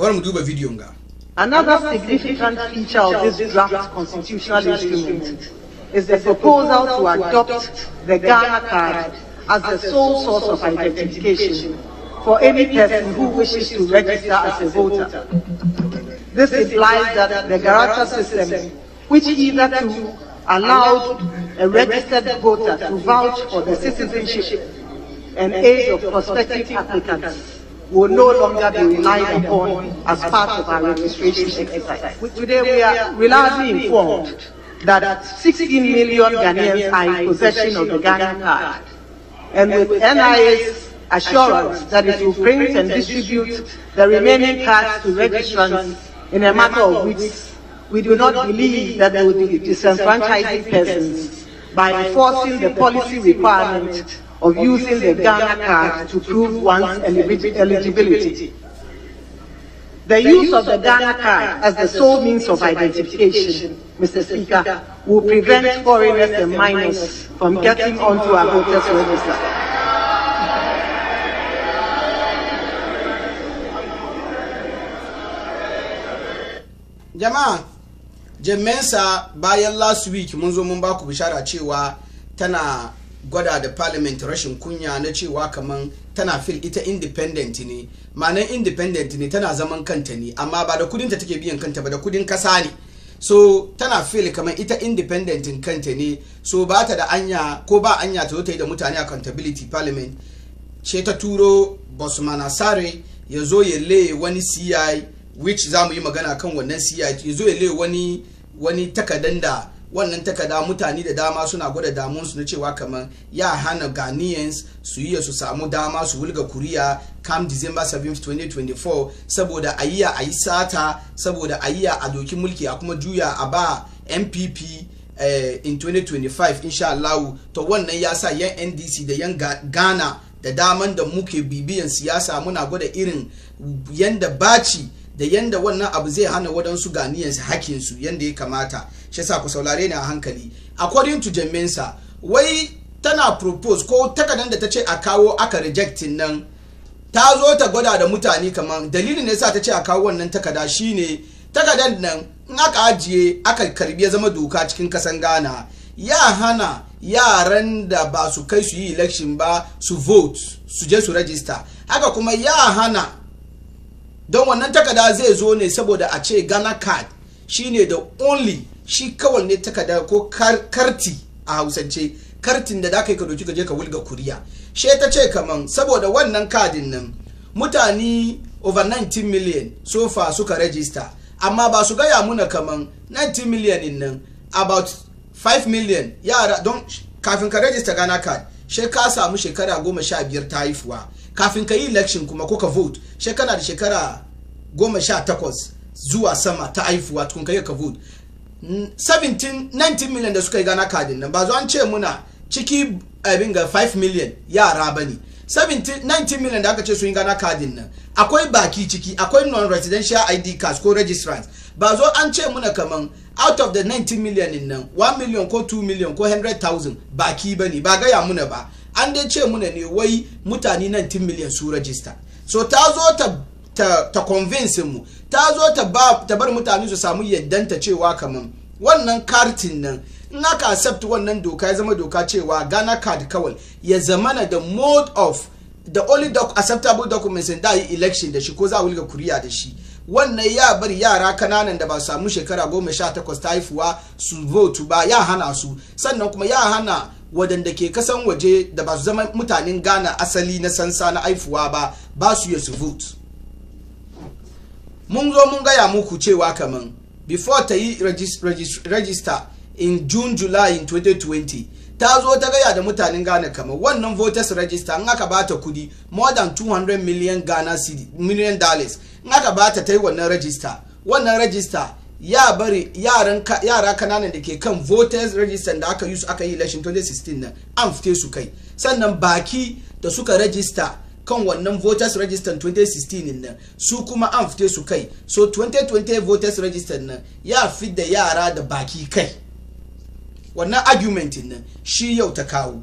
Another significant feature of this draft constitutional instrument is the proposal to adopt the Ghana card as the sole source of identification for any person who wishes to register as a voter. This implies that the Garata system, which hitherto allowed a registered voter to vouch for the citizenship and age of prospective applicants, will no longer be relied upon as part of our registration exercise. Today we are reliably informed that 16 million Ghanaians are in possession of the Ghana card. And with NIA's assurance that it will print and distribute the remaining cards to registrants in a matter of weeks, we do not believe that they will disenfranchise persons by enforcing the policy requirement of using the Ghana card to prove one's eligibility. The use of the Ghana card as the sole means of identification, Mr. Speaker, will prevent foreigners and minors from getting onto our voters register. jama'a jamensa bayan last week mun zo mun baku bishara cewa tana gwada da parliament rashin kunya na cewa kaman tana fil ita independent ne ma'anar independent ne tana zaman kanta ne amma ba da kudinta take biyan kanta ba da kudin kasa ne so tana fil kamar ita independent kanta ne so ba ta da anya ko ba anya ta zo ta yi da mutane accountability parliament ce ta turo bosman sare ya zo ya le wani ci which za mu yi magana kan wannan ci ya zo ya le wani wani takadan wannan takarda mutane da dama suna gwada su na cewa kamar ya hana ghanaians su yi su samu dama su wulga kuriya kam december 7 2024 saboda ayiya a yi sata saboda ayiya a doki mulki a kuma juya a ba mpp eh, in 2025 insha Allah to wannan ya sa yan ndc da yan ghana da daman da muke bibiyan siyasa muna gwada irin yanda baci da yanda wannan abu zai hana waɗansu ganiyansu hakinsu yanda ya kamata shi sa ku saurare ni a hankali according to jaminsa wai tana propose ko takardar da ta ce a kawo aka rejectin nan ta zo ta gwada da mutane kamar dalilin da sa ta ce a kawo wannan takarda shine takardar nan in aka ajiye aka karbi ya zama doka cikin kasan Ghana ya hana yaran da ba su kai su yi election ba su vote su je su register haka kuma ya hana don wannan takada zai zo ne saboda a ce ghana card shine da only shi kawai ne takada ko karti a hausance kartin da zaka yi ka doki ka je ka wulga kuriya she ta ce kaman saboda wannan kadin nan mutane over 19 million so far suka register amma ba su gaya muna kaman 19 million din nan about 5 million yara don kafin ka register Ghana card she ka samu shekara goma sha biyar ta haifuwa kafin ka yi election kuma ko ka vote shekara da shekara goma sha takwas zuwa sama ta haifuwa tukun ka yi ka vote 17 19 million da suka yi gana kadin nan ba zo an ce muna ciki abin ga 5 million yara ba ne 19 million da aka ce sun yi gana kadin nan akwai baki ciki akwai non-residential id cards ko registrants ba zo an ce muna kaman out of the 19 million nan 1 million ko 2 million ko 100,000 baki ba ne ba gaya muna ba an dai ce muna ne wai mutane 19 miliyan su rajista so ta zo ta ta, ta convince mu ta zo ta ba ta bar mutane su samu yaddanta cewa kaman wannan kartin nan in aka accept wannan doka ya zama doka cewa Ghana card kawai ya zama na the mode of the only doc acceptable documents da yi election da shi ko za a wulga kuriya da shi wannan ya bar yara kananan da ba su samu shekara goma sha takwas ta haifuwa su vote ba ya hana su sannan kuma ya hana wadanda ke kasan waje da ba su zama mutanen Ghana asali na sansa na aifuwa ba ba su yi su vote mun zo mun gaya muku cewa kaman before ta yi register in June July in 2020 ta zo ta gaya da mutanen Ghana kamar wannan voters register in aka bata kudi more than 200 million Ghana million dollars in aka bata ta yi wannan register wannan register ya bari yara kananan da ke kan voters register da aka yi su aka yi election 2016 nan an fite su kai sannan baki da suka register kan wannan voters register 2016 na su kuma an fite su kai so 2020 voters register nan ya fi da yara da baki kai wannan argument nan shi yau ta kawo